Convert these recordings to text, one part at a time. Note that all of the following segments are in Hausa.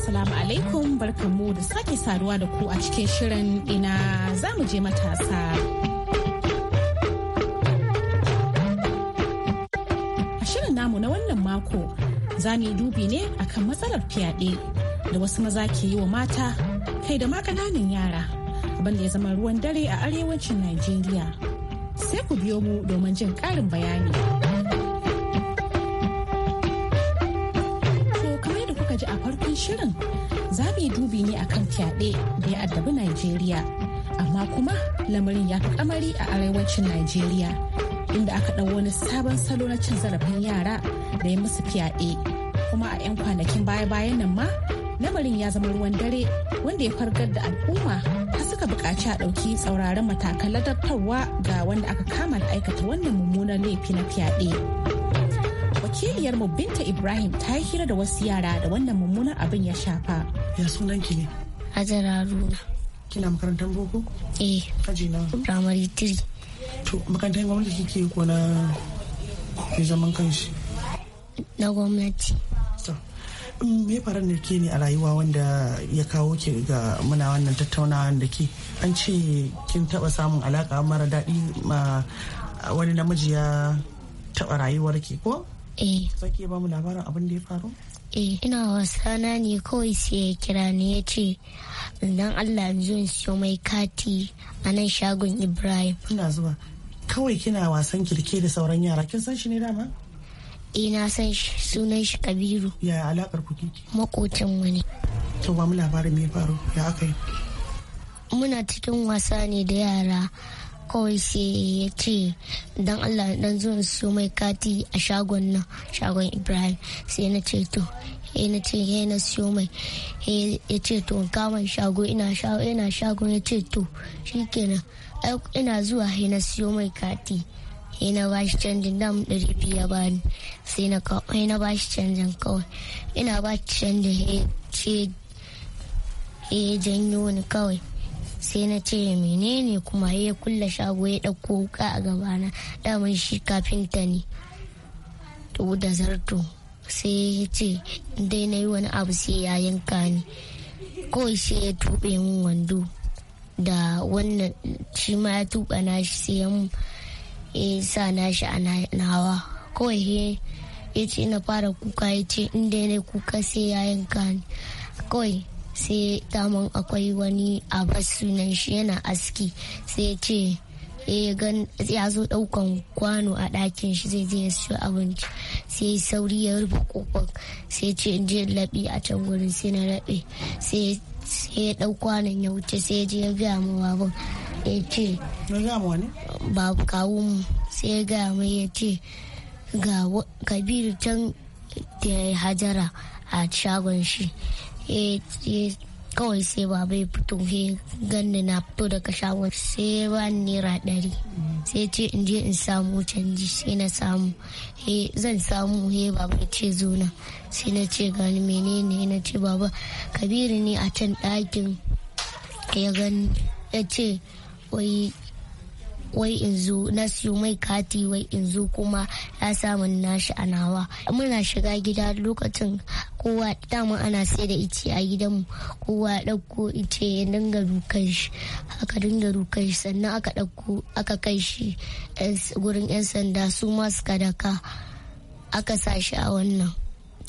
Assalamu alaikum barkanmu da sake saduwa da ku a cikin shirin ina za mu je matasa. A shirin namu na wannan mako za mu yi dubi ne akan matsalar fyaɗe da wasu maza ke yi wa mata kai da ma yara abinda ya zama ruwan dare a arewacin Najeriya. Sai ku biyo mu domin jin ƙarin bayani. fyaɗe da ya addabi Najeriya. Amma kuma lamarin ya fi kamari a arewacin Najeriya inda aka ɗau wani sabon salo na cin zarafin yara da ya musu fyaɗe. Kuma a 'yan kwanakin baya-bayan nan ma lamarin ya zama ruwan dare wanda ya fargar da al'umma har suka buƙaci a ɗauki tsauraran matakan ladattarwa ga wanda aka kama da aikata wannan mummunan laifi na fyaɗe. wakiliyar mu binta ibrahim ta yi hira da wasu yara da wannan mummunan abin ya shafa ya sunan ki ne Hajara Haruna. Kina makarantar boko? Eh. Aji na? Primary 3. To makarantar gwamnati kike ko na mai zaman kanshi? Na gwamnati. Mm, me fara da ke ne a rayuwa wanda ya kawo ki ga muna wannan tattaunawa da ke an ce kin taba samun alaka mara daɗi ma wani namiji ya taba rayuwar ki ko? eh sake ba mu labarin abin da ya faru? eh ina wasana ne kawai sai ya kira ni ya ce don Allah in siyo mai kati a nan shagon Ibrahim. Ina zuwa kawai kina wasan kirke da sauran yara kin san shi ne dama? Eh na san shi sunan shi Kabiru. Ya alakar kuki? Makocin wani. To ba mu labarin me faru ya aka yi? Muna cikin wasa ne da yara kawai sai ya ce don allah dan zuwa in siyo mai kati a shagon nan shagon ibrahim sai na ce to ya na ce ya na siyo mai ya ce to kama shago ina shago ina shago ya ce to shikenan ina zuwa ya na siyo mai kati ya na bashi canjin dam ɗari biyu ba bani sai na kawai na shi canjin kawai ina bashi canjin ya janyo ni kawai sai na ce menene kuma ya kulle shago ya ɗauko wuka a gabana daman shi kafinta ne to da zarto sai ya ce dai na yi wani abu sai ya yanka ni kawai sai ya tuɓe min wando da wannan shi ma ya tuɓa shi sai ya sa nashi a nawa kawai ya ce na fara kuka ya ce inda ne kuka sai ya yanka ni kawai sai daman akwai wani a sunan shi yana aski sai ya ce eh, ya zo daukan kwano a ɗakin shi zai je ya siyo abinci sai sauri ya rufe kofar sai ce in je laɓi a can wurin sai na raɓe sai ya ɗau kwanon ya wuce sai ya je ya gaya mu babun ya ce babu kawo mu sai ya gaya mai ya ce ga kabiru can da hajara a shagon shi kawai sai baba ya fito he ganni na fito daga shagon sai ya ba naira ɗari sai ce in je in samu canji sai na samu he zan samu he ba bai ce zo na sai na ce gani menene na ce baba kabiru ne a can ɗakin ya gani ya ce wai wai in zo na siyo mai kati wai in zo kuma ya samu nashi a nawa muna shiga gida lokacin kowa dama ana sai da ice a gidanmu kowa ya ɗauko ice ya dinga dukan shi aka dinga dukan shi sannan aka ɗauko aka kai shi eh, gurin 'yan sanda su ma suka daka aka sa shi a wannan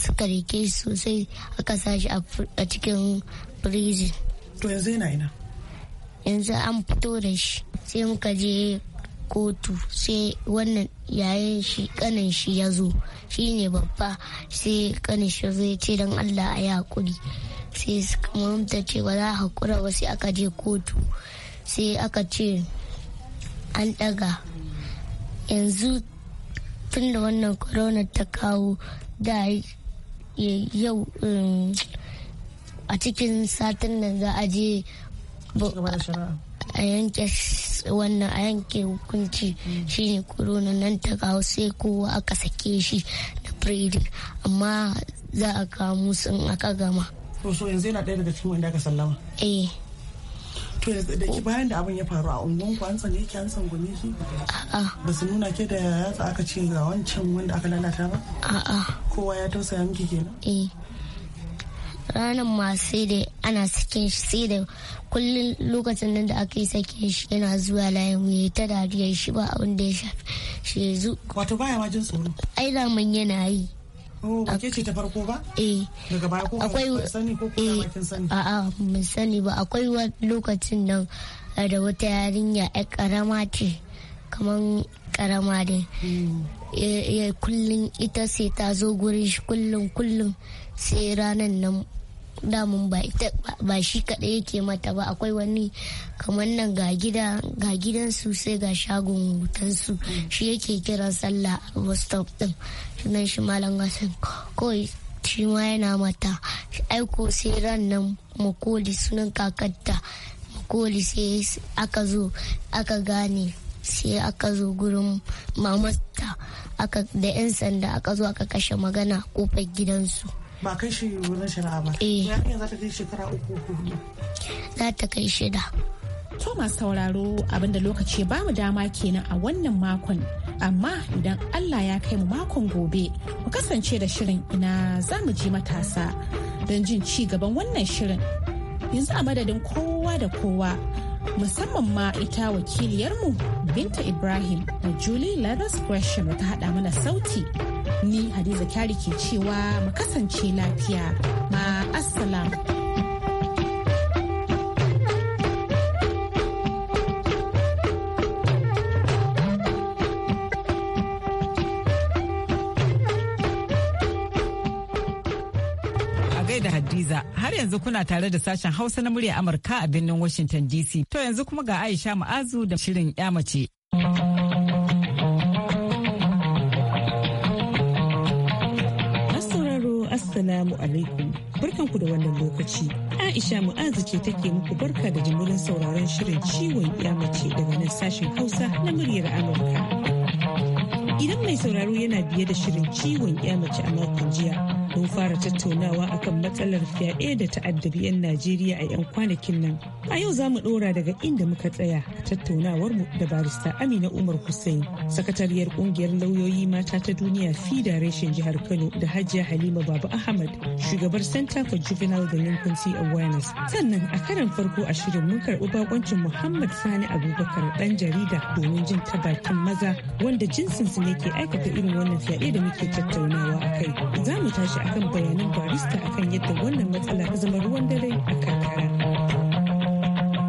suka rike shi sosai aka sa shi a cikin prison to yanzu yana ina yanzu an fito da shi sai muka je kotu sai wannan yayin shi kanin shi ya zo shi ne babba sai kanin shi zai ce don allah a yi hakuri sai mamta ce ba za a hakura ba sai aka je kotu sai aka ce an daga yanzu tun da wannan corona ta kawo da yau um, a cikin satin da za a je a yanke wannan a yanke hukunci shine corona nan ta kawo sai kowa aka sake shi da predic amma za a kamu sun aka gama so yanzu yana ɗaya daga cikin wanda aka sallama eh to da ki bayan da abin ya faru a unguwan ku an tsane ki an tsangwame shi a'a ba su nuna ke da yatsa aka ce ga wancan wanda aka lalata ba a'a kowa ya tausaya miki kenan eh ranar masu da ana sakin shi sai da kullum lokacin nan da aka yi sakin shi yana zuwa layin ya ta dariya shi ba abin da ya shafi shi ya zu. Wato baya ma jin tsoro. Ai daman yana yi. Oh, ce ta farko ba? Eh. Daga baya ko akwai sani ko kuma sani? mun eh, sani ba. Akwai wani lokacin nan eh, da wata yarinya ya karama ce. Kaman karama da Ya hmm. eh, kullum ita sai ta zo gurin shi kullum kullum sai ranan nan damun ba shi kaɗai yake mata ba akwai wani kamar nan ga gida ga su sai ga shagon su shi yake kira sallah a bus stop din nan shi malam gasan kawai shi ma yana mata aiko sai ran nan makoli sunan kakatta makoli sai aka zo aka gane sai aka zo gurin mamasta da 'yan sanda aka zo aka kashe magana kofar gidansu ba kai shi wurin shari'a ba eh. yarinya za ta kai shekara uku ko za ta kai shida to masu sauraro abinda lokaci ba mu dama kenan a wannan makon amma idan allah ya kai mu makon gobe mu kasance da shirin ina za mu ji matasa don jin ci gaban wannan shirin yanzu a madadin kowa da kowa musamman ma ita wakiliyarmu binta ibrahim da julie lathers Question ta hada mana sauti Ni Hadiza Kyari ke cewa mu kasance lafiya. Ma assalam. Hadiza har yanzu kuna tare da sashen Hausa na murya Amurka a birnin Washington DC. To yanzu kuma ga Aisha Ma'azu da shirin 'ya mace. Assalamu alaikum. ku da wannan lokaci. Aisha Mu'azu ce take muku barka da jimurin sauraron shirin ciwon mace daga nan sashen Hausa na muryar Amurka. Idan mai sauraro yana biye da shirin ciwon mace a makon jiya, mun fara tattaunawa akan matsalar fyaɗe da ta'addabi 'yan Najeriya a 'yan kwanakin nan. A yau za mu ɗora daga inda muka tsaya a tattaunawar mu da barista Amina Umar Hussein, sakatariyar ƙungiyar lauyoyi mata ta duniya Sida reshen jihar Kano da Hajiya Halima Baba Ahmad, shugabar Center for Juvenile Delinquency Awareness. Sannan a karan farko a shirin mun karɓi bakoncin Muhammad Sani Abubakar ɗan jarida domin jin ta bakin maza wanda jinsinsu ne ke aikata irin wannan fyaɗe da muke tattaunawa a kai. Za mu tashi akan bayanan barista akan yadda wannan matsala ta zama ruwan dare a karkara.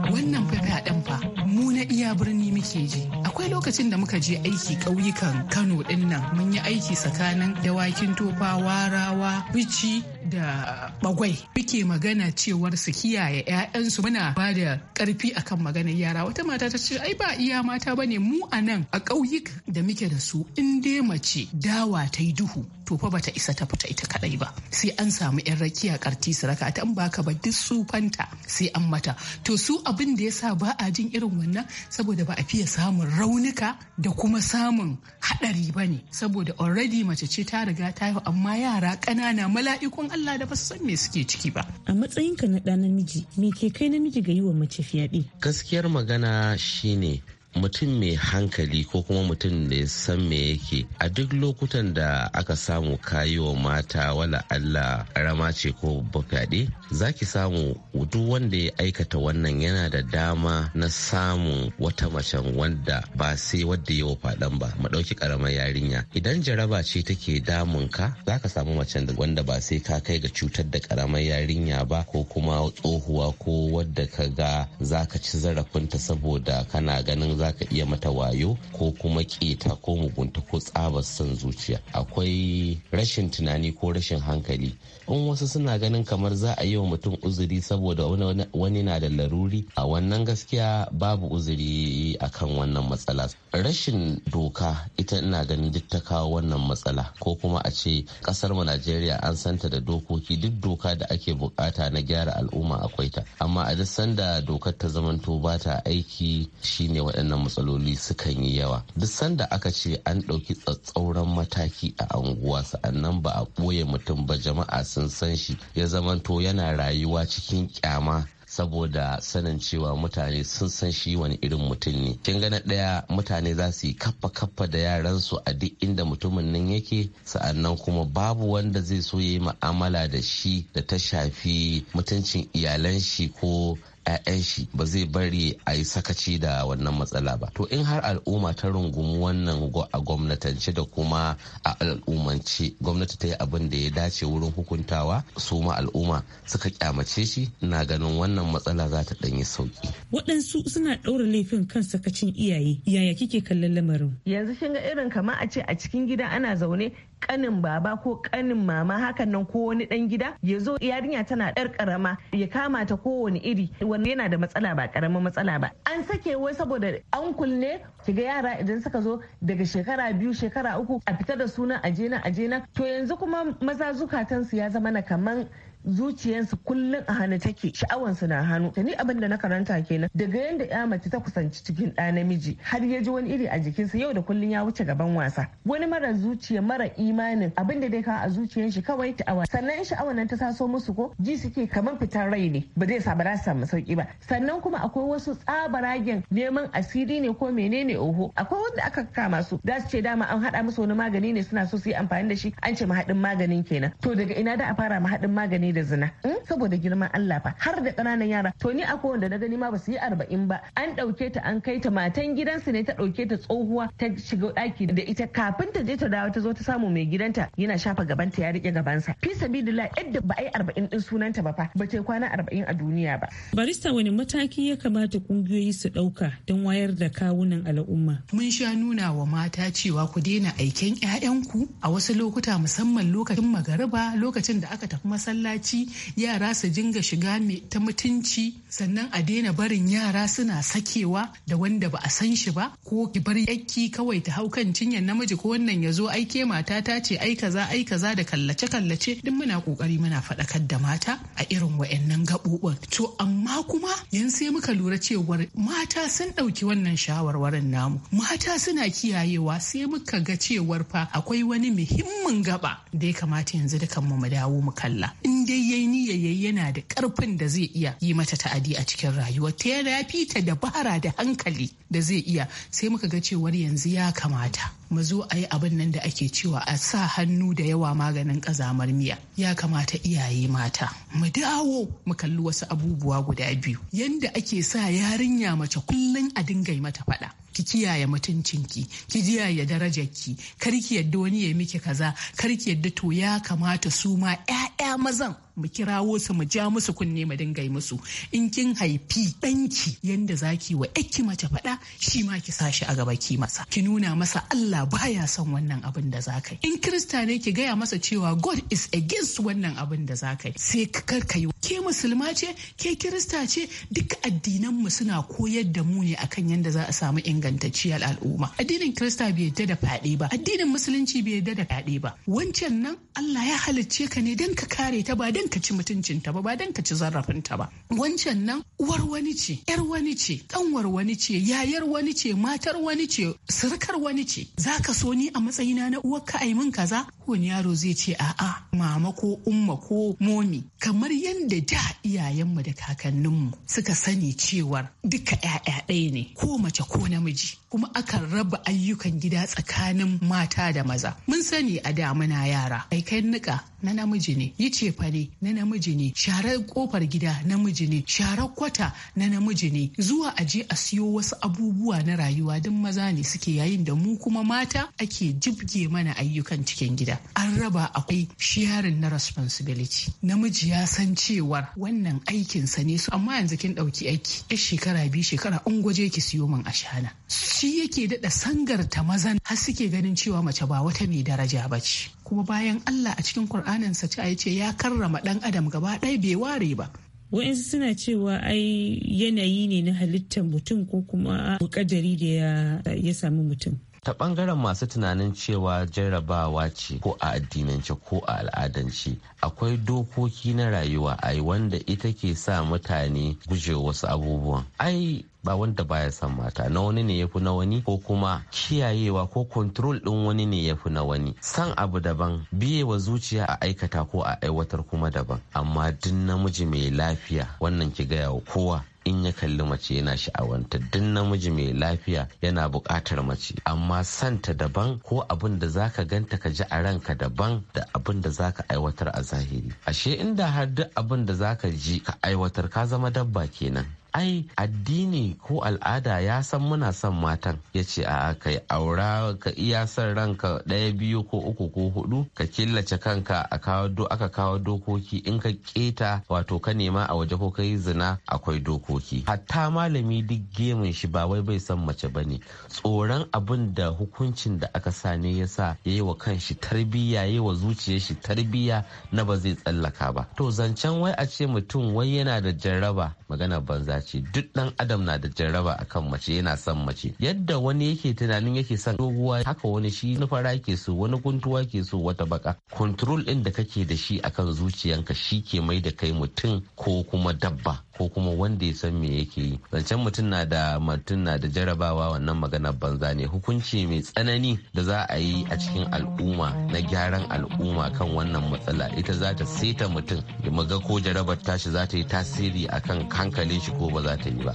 Wannan fafaɗen fa mu na iya birni muke ji. Akwai lokacin da muka je aiki ƙauyukan Kano ɗin nan mun yi aiki tsakanin dawakin tofa warawa bici da bagwai muke magana cewar su kiyaye 'ya'yansu muna ba da karfi akan maganar yara wata mata ta ce ai ba iya mata bane mu a nan a ƙauyuka da muke da su in dai mace dawa ta yi duhu to fa bata isa ta fita ita kadai ba sai an samu yan rakiya karti su raka ta baka ba duk su fanta sai an mata to su abin da yasa ba a jin irin wannan saboda ba a fiye samun raunuka da kuma samun hadari bane saboda already mace ce ta riga ta yi amma yara ƙanana mala'ikun Allah da ba su san me suke ciki ba. A matsayinka na ɗa namiji, me ke kai namiji ga yi wa mace fyaɗe? Gaskiyar magana shine mutum mai hankali ko kuma mutum da ya san me yake a duk lokutan da aka samu wa mata wala Allah rama ce ko fyaɗe za ki samu duk wanda ya aikata wannan yana da dama na samun wata macen wanda ba sai wadda yawa faɗan ba mu ɗauki ƙaramar yarinya idan jaraba ce take damun ka za ka samu macen wanda ba sai ka kai ga cutar da ƙaramar yarinya ba ko kuma tsohuwa ko wadda ka ga za ka ci zarafinta saboda kana ganin za ka iya mata wayo ko kuma keta ko mugunta ko tsabar son zuciya akwai rashin tunani ko rashin hankali in wasu suna ganin kamar za a yi wa mutum uzuri saboda wani na da laruri a wannan gaskiya babu uzuri a kan wannan matsala rashin doka ita ina ganin duk ta kawo wannan matsala ko kuma a ce kasar mu najeriya an santa da dokoki duk doka da ake bukata na gyara al'umma akwai ta amma a duk sanda dokar ta zamanto ba ta aiki shine waɗannan waɗannan matsaloli sukan yi yawa duk sanda aka ce an ɗauki tsatsauran mataki a anguwa sa'annan ba a ɓoye mutum ba jama'a sun san shi ya zamanto yana rayuwa cikin kyama saboda sanin cewa mutane sun san shi wani irin mutum ne kin ga ɗaya mutane za su yi kaffa kaffa da yaran su a duk inda mutumin nan yake sa'annan kuma babu wanda zai so ya yi ma'amala da shi da ta shafi mutuncin iyalan shi ko 'ya'yan shi ba zai bari a yi sakaci da wannan matsala ba to in har al'umma ta rungumi wannan a gwamnatance da kuma a al'ummance gwamnati ta yi abin da ya dace wurin hukuntawa su ma al'umma suka kyamace shi na ganin wannan matsala za ta ɗanyi sauki waɗansu suna ɗaura laifin kan sakacin iyaye yaya kike kallon lamarin yanzu kin ga irin kamar a ce a cikin gida ana zaune kanin baba ko kanin mama hakan nan ko wani dan gida ya zo yarinya tana ɗar karama ya kama ta kowane iri wani yana da matsala ba karamin matsala ba an sake wai saboda an kulle kiga yara idan suka zo daga shekara biyu shekara uku a fita da sunan ajena ajena to yanzu kuma maza zukatansu ya zama na kaman zuciyarsu kullum a hannu take sha'awansu na hannu ta ni abin da na karanta kenan daga yadda ya mace ta kusanci cikin ɗa namiji har ya ji wani iri a jikinsa yau da kullum ya wuce gaban wasa wani mara zuciya mara imanin abin da dai kawo a zuciyar shi kawai sha'awa sannan in sha'awan nan ta taso musu ko ji suke kamar fitar rai ne ba zai sa ba za su samu sauki ba sannan kuma akwai wasu tsabaragen neman asiri ne ko menene oho akwai wanda aka kama su za su ce dama an haɗa musu wani magani ne suna so su yi amfani da shi an ce mahaɗin maganin kenan to daga ina da a fara mahaɗin magani da zina eh, saboda girman Allah fa har da ƙananan yara to ni akwai wanda na gani ma ba su yi arba'in ba an ɗauke ta an kai ta matan gidansu ne ta ɗauke ta tsohuwa ta shiga ɗaki da ita kafin ta je ta dawo ta zo ta samu mai gidanta yana shafa gabanta ya riƙe gabansa fi sabidillah yadda ba a yi arba'in ɗin sunanta ba fa ba ta kwana arba'in a duniya ba. barista wani mataki ya kamata ƙungiyoyi su ɗauka don wayar da kawunan al'umma. mun sha nuna wa mata cewa ku daina aiken 'ya'yanku a wasu lokuta musamman lokacin magariba lokacin da aka tafi masallaci ci yara su dinga shiga ta mutunci sannan a daina barin yara suna sakewa da wanda ba a san shi ba ko ki bar yakki kawai ta hau kan cinyar namiji ko wannan ya zo aike mata ta ce ai kaza ai kaza da kallace kallace duk muna kokari muna faɗakar da mata a irin wayannan gaɓoɓin to amma kuma yan sai muka lura cewar mata sun ɗauki wannan shawarwarin namu mata suna kiyayewa sai muka ga cewar fa akwai wani muhimmin gaba da ya kamata yanzu dukan mu dawo mu kalla in dai yayi niyya yayi yana da karfin da zai iya yi mata ta'adi a cikin rayuwa ta ya fita ta dabara da hankali da zai iya sai muka ga cewar yanzu ya kamata mu zo a yi abin nan da ake cewa a sa hannu da yawa maganin kazamar miya ya kamata iyaye mata mu dawo mu kalli wasu abubuwa guda biyu yanda ake sa yarinya mace kullum a dinga mata faɗa ki kiyaye mutuncinki ki kiyaye darajarki kar ki yadda wani ya miki kaza kar ki yadda to ya kamata su ma 'ya'ya mazan mu kirawo su mu ja musu kunne mu dinga musu in kin haifi ɗanki yanda zaki wa ki mace faɗa shi ma ki sa shi a gaba ki masa ki nuna masa Allah baya son wannan abin da zaka in kirista ne ki gaya masa cewa God is against wannan abin da zaka sai ka yi ke musulma ce ke kirista ce duk addinan mu suna koyar da mu ne akan yanda za a samu ingantacciyar al'umma addinin kirista bai yadda da fyaɗe ba addinin musulunci bai yadda da fyaɗe ba wancan nan Allah ya halicce ka ne dan ka kare ta ba don don ka ci mutuncinta ba ba don ka ci zarafinta ba wancan nan uwar wani ce yar wani ce kanwar wani ce yayar wani ce matar wani ce surkar wani ce za ka so ni a matsayina na uwar ka min kaza wani yaro zai ce a'a mama ko umma ko momi kamar yadda da iyayenmu da kakanninmu suka sani cewar duka 'ya'ya ɗaya ne ko mace ko namiji kuma akan raba ayyukan gida tsakanin mata da maza mun sani a da muna yara aikai nika na namiji ne yi cefa ne na namiji ne sharar kofar gida Na namiji ne sharar kwata na namiji ne zuwa aje a siyo wasu abubuwa na rayuwa duk maza ne suke yayin da mu kuma mata ake jibge mana ayyukan cikin gida an raba akwai sharing na responsibility namiji ya san cewar wannan aikinsa ne su amma yanzu kin ɗauki aiki yar shekara bi shekara an gwaje ki siyo min ashana shi yake daɗa sangarta mazan har suke ganin cewa mace ba wata mai daraja ba ce kuma bayan Allah a cikin Kur'aninsa ta ya ce ya karrama ɗan adam gaba ɗaya bai ware ba. Wa'insu suna cewa ai yanayi ne na halittar mutum ko kuma kadari da ya sami mutum. ta ɓangaren masu tunanin cewa jarrabawa ce ko a addinance ko a al'adance akwai dokoki na rayuwa ai wanda ita ke sa mutane guje wasu abubuwan ai ba wanda baya son mata na wani ne yafi na wani ko kuma kiyayewa ko control din wani ne yafi na wani san abu daban biye wa zuciya a aikata ko a aiwatar kuma daban amma duk namiji mai lafiya wannan ki gaya wa kowa in ya kalli mace yana sha'awanta duk namiji mai lafiya yana buƙatar mace amma santa daban ko abin da zaka ganta ka ji a ranka daban da abin da zaka aiwatar a zahiri ashe inda har duk abin da zaka ji ka aiwatar ka zama dabba kenan ai addini ko al'ada ya san muna son matan ya ce a ka aura ka iya son ranka ɗaya biyu ko uku ko hudu ka killace kanka a kawo aka kawo dokoki in ka keta wato ka nema a waje ko ka yi zina akwai dokoki hatta malami duk gemun shi ba wai bai san mace ba ne tsoron abin da hukuncin da aka sa ne ya sa ya yi wa kanshi tarbiyya ya yi wa zuciyar shi tarbiyya na ba zai tsallaka ba to zancen wai a ce mutum wai yana da jaraba? magana banza ce duk dan adam na da jaraba akan mace yana son mace yadda wani yake tunanin yake son doguwa haka wani shi na fara ke so wani guntuwa ke so wata baka control din da kake da shi akan zuciyanka shi ke mai da kai mutum ko kuma dabba ko kuma wanda ya san me yake yi zancen mutum na da mutum na da jarabawa wannan magana banza ne hukunci mai tsanani da za a yi a cikin al'umma na gyaran al'umma kan wannan matsala ita za ta seta mutum da maga ko jarabar tashi za ta yi tasiri akan ka hankalin shi ko ba za ta yi ba.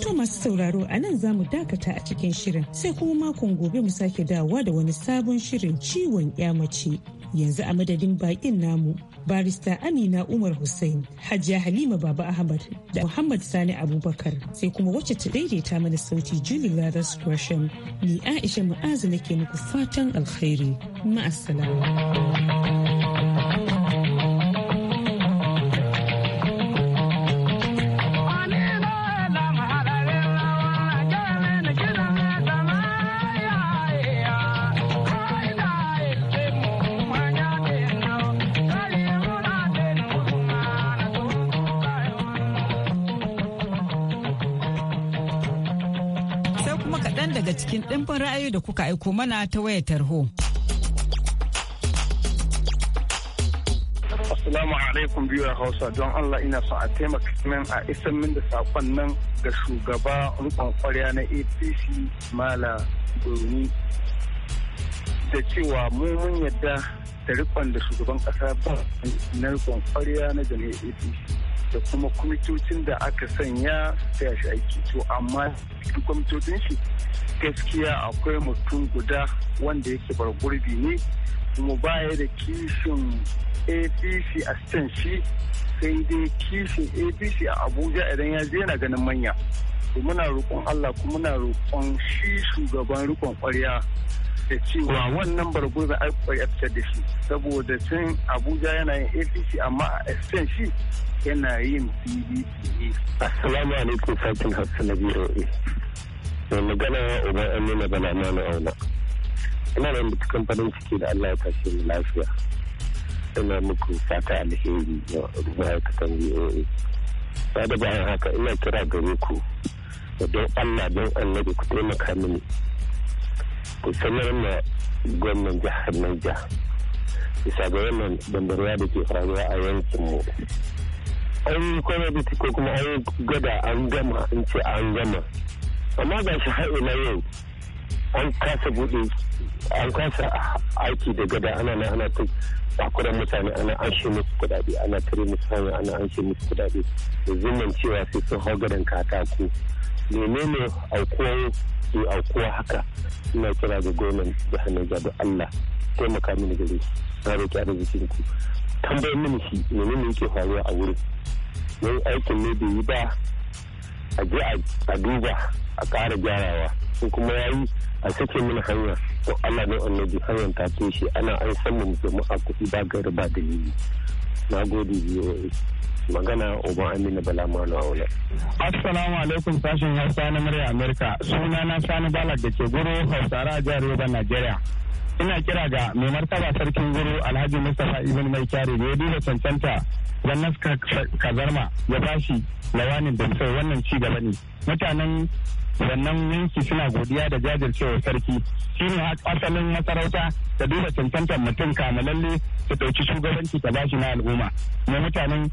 To masu sauraro a nan za mu dakata a cikin shirin sai kuma makon gobe mu sake dawowa da wani sabon shirin ciwon mace. Yanzu a madadin bakin namu barista Amina Umar Hussein, Hajiya Halima Baba Ahmad da Muhammad Sani Abubakar sai kuma wacce ta daidaita mana sauti juli Lathers Gresham. Ni Aisha Mu'azu nake muku fatan alkhairi. Ma'assalam. cikin ɗimbin ra'ayi da kuka aiko mana ta wayar tarho. Assalamu alaikum biyu Hausa don Allah ina son a taimaka min a isan min da sakon nan ga shugaba rukun kwarya na APC Mala Buruni da cewa mu mun yadda da rikon da shugaban kasa ba na rikon kwarya na jami'ar APC da kuma kwamitocin da aka sanya su taya shi aiki to amma kwamitocin shi gaskiya akwai mutum guda wanda yake bar gurbi ne kuma baya da kishin apc a stan shi sai dai kishin apc a abuja idan ya je na ganin manya to muna roƙon allah kuma muna roƙon shi shugaban rikon ƙwarya da cewa wannan bargo za a fitar da shi saboda can abuja yana yin apc amma a stan shi yana yin pdp assalamu alaikum sakin hassan na mai magana uba an nuna bala mana auna ina da mutukan farin ciki da allah ya kashe mu lafiya ina muku fata alheri da ma'aikatan voa ba da bayan haka ina kira gare ku da don allah don annabi ku taimaka mini ku sanar ma gwamnan jihar Niger bisa ga wannan bambarwa da ke faruwa a yankin mu an yi kwanabiti ko kuma an gada an gama in ce an gama amma ga shi har ila yau an kasa buɗe an kasa aiki da gada ana na ana ta bakuran mutane ana an shi musu kudade ana tare musu hanya ana an shi musu kudade da zimman cewa sai sun hau gadon katako menene aukuwa ke aukuwa haka ina kira ga gwamnan jihar Niger da Allah taimaka mini gare na roƙi jikin ku tambayar mini shi menene yake faruwa a wurin yayi aikin ne bai yi ba a je a duba a ƙara gyarawa sun kuma ya yi a sake mana hanya ko Allah ne annabi hanyar ta ce shi ana an san mu a kuɗi ba gari ba dalili na gode biyoyi magana Oban amina Bala Manu Aula. Assalamu alaikum sashen Hausa na murya Amurka. Suna na Sani Balak da ke guru Hausara a jihar Yoruba Najeriya. Ina kira ga mai martaba sarkin guru Alhaji Mustapha Ibn Mai Kyari da ya duba cancanta wannan kazarma ya bashi lawanin da wannan ci gaba ne. mutanen wannan yanki suna godiya da jajircewar sarki shine asalin masarauta da duba cancantar mutum kamalalle su ɗauki shugabanci ta bashi na al'umma ne mutanen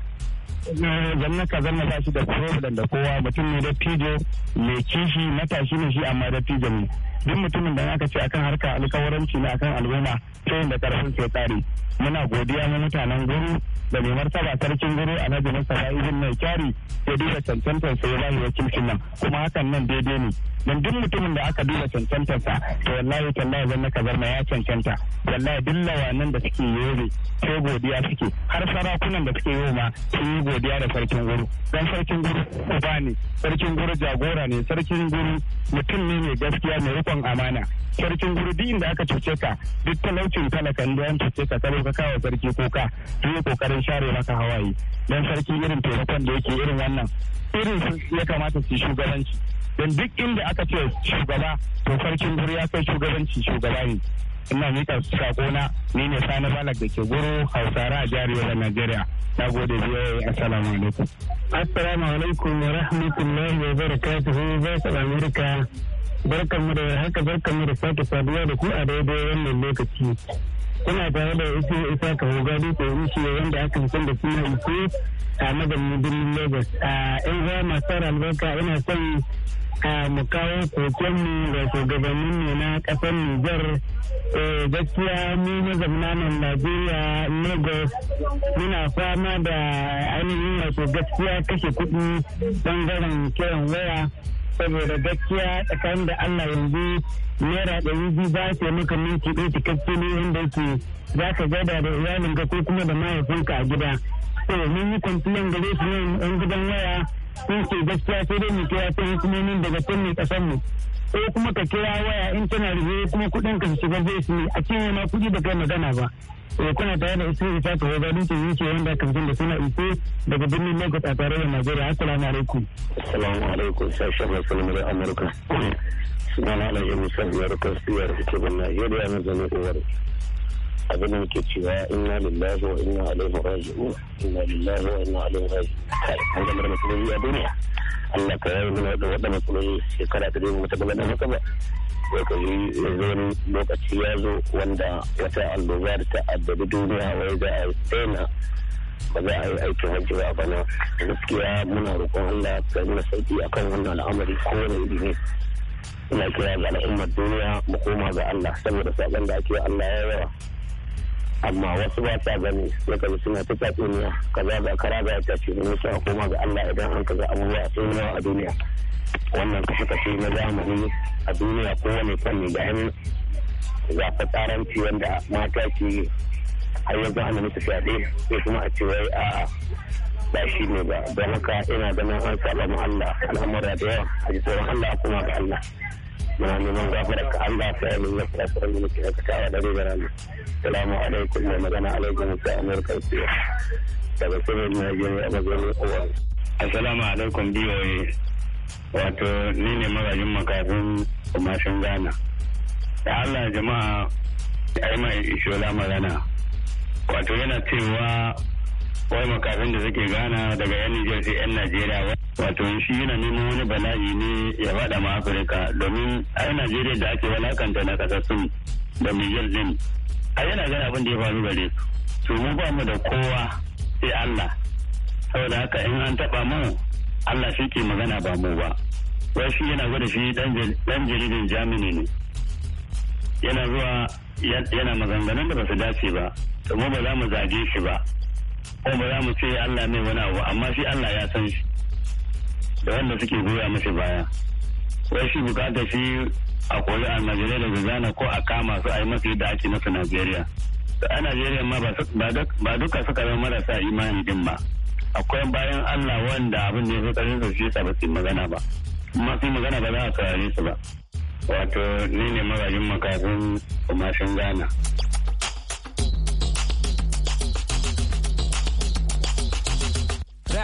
zanna ka zanna ba shi da problem da kowa mutum ne da dattijo mai kishi matashi ne shi amma da fijo ne duk mutumin da aka ce akan harka alkawaranci ne akan al'umma ta yin da karfin sai tsari muna godiya mu mutanen guru da mai martaba sarkin guru alhaji mustapha ibn mai kyari ya duba cancantar ya bashi wakilcin nan kuma hakan nan daidai ne dan duk mutumin da aka duba cancantar sa to wallahi tallahi zanna naka na ya cancanta wallahi dillawa nan da suke yobe sai godiya suke har sarakunan da suke yoma sun yi godiya da sarkin guru don sarkin guru uba ne sarkin guru jagora ne sarkin guru mutum ne mai gaskiya mai rikon amana sarkin guru duk inda aka cuce ka duk talaucin talakan da an cuce ka karo ka kawo sarki kuka yi kokarin share maka hawaye don sarki irin taimakon da yake irin wannan irin ya kamata su shugabanci don duk inda aka ce shugaba to sarkin guru ya kai shugabanci shugaba ne ina saƙo na ni ne sani balak da ke guru hausare a jihar yoruba najeriya na gode yi assalamu alaikum assalamu alaikum wa rahmatullahi wa barakatuhu su amurka barkanmu da haka barkanmu da sake saduwa da ku a daidai wannan lokaci kuna tare da ita isa ka gado ko rushe wanda aka fi da suna iko a mazamin birnin lagos a yan mu fara albarka ina son mu kawo kokenmu da shugabannin mu na kasar Nijar eh, gaskiya mu mazauna nan Najeriya Lagos muna fama da ainihin wato gaskiya kashe kuɗi bangaren kiran waya saboda gaskiya tsakanin da Allah yanzu naira ɗari biyu ba ta maka minti ɗaya cikakke ne wanda yake za ka gada da iyalinka ko kuma da mahaifinka a gida. eh mun yi complain gare su ne yan gidan waya sun ce gaskiya sai dai mu kira ta hukumomin daga kunne kasar mu ko kuma ka kira waya in tana rufe kuma kuɗin ka su shiga zai su ne a cinye ma kuɗi ba kai magana ba eh kuna tare da isa isa ta hoga dinkin yake wanda ka da suna ise daga birnin lagos a tarayyar najeriya assalamu alaikum assalamu alaikum sashen rasulun da amurka sunana alhaji musa biyar siyar ke ban najeriya na zane uwar abin da muke cewa inna lillahi wa inna ilaihi raji'un inna lillahi wa inna ilaihi raji'un an gamar matsaloli a duniya Allah ka yi mana da waɗannan matsaloli shekara ta dai mata bala da maka ba ka yi yanzu wani lokaci ya zo wanda wata annoba da ta addabi duniya wai za a yi tsena ba za a yi aikin hajji ba bana gaskiya muna roƙon Allah ka yi mana sauki akan wannan al'amari kowane iri ne ina kira ga al'ummar duniya mu koma ga Allah saboda saƙon da ake Allah ya yawa amma wasu ba sa gani daga suna ta tatsuniya kaza ba kara ba ta ce mun sa koma ga Allah idan an kaza abubuwa sun yawa a duniya wannan kashe ce na zamani a duniya kowane fanni da yan zafa tsaranci wanda mata ke har yanzu ana musu fyaɗe sai kuma a ce wai a ba shi ne ba don haka ina ganin an saba ma Allah al'amura da yawa a ji tsoron Allah kuma ga Allah. muna neman gafarar ka Allah sai ya nuna gafarar da muke haka a dare da rana salamu alaikum da magana alaikum musa amurka ce daga sabon nigeria a mazauni owa assalamu alaikum boa wato ni ne magajin makafin kumashin ghana da allah jama'a ai mai ishola magana wato yana cewa wai makafin da suke gana daga yan Nijar sai yan Najeriya wato shi yana neman wani bala'i ne ya faɗa ma Afirka domin ai Najeriya da ake walakanta na kasassun da Nijar din ai yana gani abin da ya faru gare su to mu ba mu da kowa sai Allah saboda haka in an taɓa mu Allah shi ke magana ba mu ba wai shi yana gwada shi dan jaridin Germany ne yana zuwa yana maganganun da ba su dace ba to ba za mu zage shi ba ko ba za mu ce Allah mai wani abu amma shi Allah ya san shi da wanda suke goya mashi baya wai shi bukata shi a koyi a Najeriya da Zazana ko a kama su a yi masu yadda ake nasu Najeriya a Najeriya ma ba duka suka zama marasa imani din ba akwai bayan Allah wanda abin da ya fi su shi su magana ba Masu su magana ba za a saurare su ba wato ni ne magajin makafin kumashin Ghana.